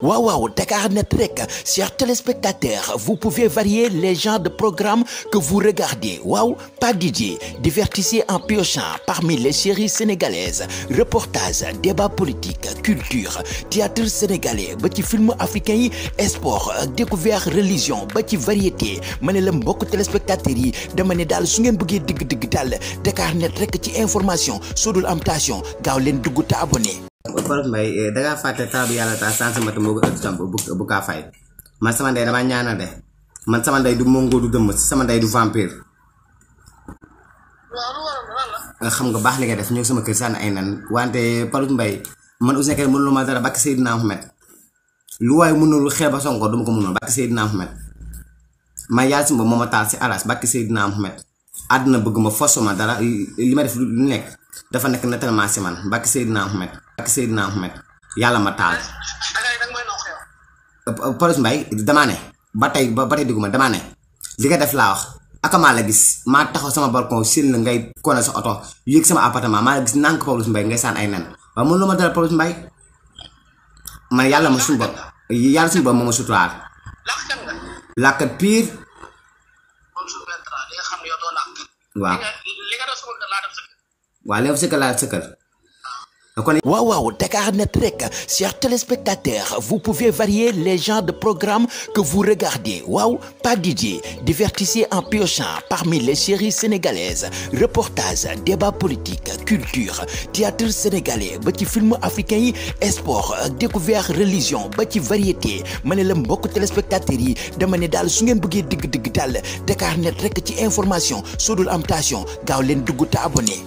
waaw waaw Dakarnet rek chers téléspectateurs vous pouvez varier les genres de programme que vous regardez waaw pas DJ divertissez en piochant parmi les séries sénégalaises reportages débats politiques culture théâtre sénégalais ba ci film africain yi sport découverte religion ba ci variété ma ne la mbokk téléspectateurs yi dama ne daal su ngeen bëggee digg-digg daal Dakarnet rek ci information sodul am gaaw leen dugg abonné Farouk Mbaye eh, dangaa fàtte temps bi yàlla taal sans matu moo ko ëpp tam bu bu kaa fay man sama ndey damaa de man sama ndey du mongo du dëmm sama ndey du vampire. Eh, xam nga baax li nga def ñëw sama kër sànni ay nan wante Farouk Mbaye man Ouzin Keita mënuloo ma dara bakki Seydina Ahmed lu waaye mënul xeeba sonko duma ko mënul bakki Seydina Ahmed ma yaal si moom moo ma taal si aras bakki Seydina Ahmed àdduna bëgg ma fosuma dara li ma def lu nekk. dafa nekk netellement si man mbàkk Seydina Ahmed mbàkk Seydina Ahmed yàlla ma taal. Pawlish Mbaye ba tey ba tey duguma damaa ne li nga def laa wax akamaa la gis sama balcon siin la ngay kone sa oto yéeg sama appartement maa gis nànk ay ma dara Pawlish yàlla ma suñu bopp yàlla suturaal làkkat pire waaw waaw sëkkal laa sëkkal Waaw waaw, Dakarnet vous pouvez varier les gens de programme que vous regardez. Waaw, pas DJ, divertissez en piochant parmi les séries sénégalaises, reportages, débats politiques, culture, théâtre sénégalais, ba ci film africain yi, sport, découverte religion, ba ci variété. Ma ne la mbokk téléspectateurs yi, dama ne daal su ngeen bëggee digg digg daal Dakarnet rek ci information, sodul am tation, gaaw leen dugg abonné.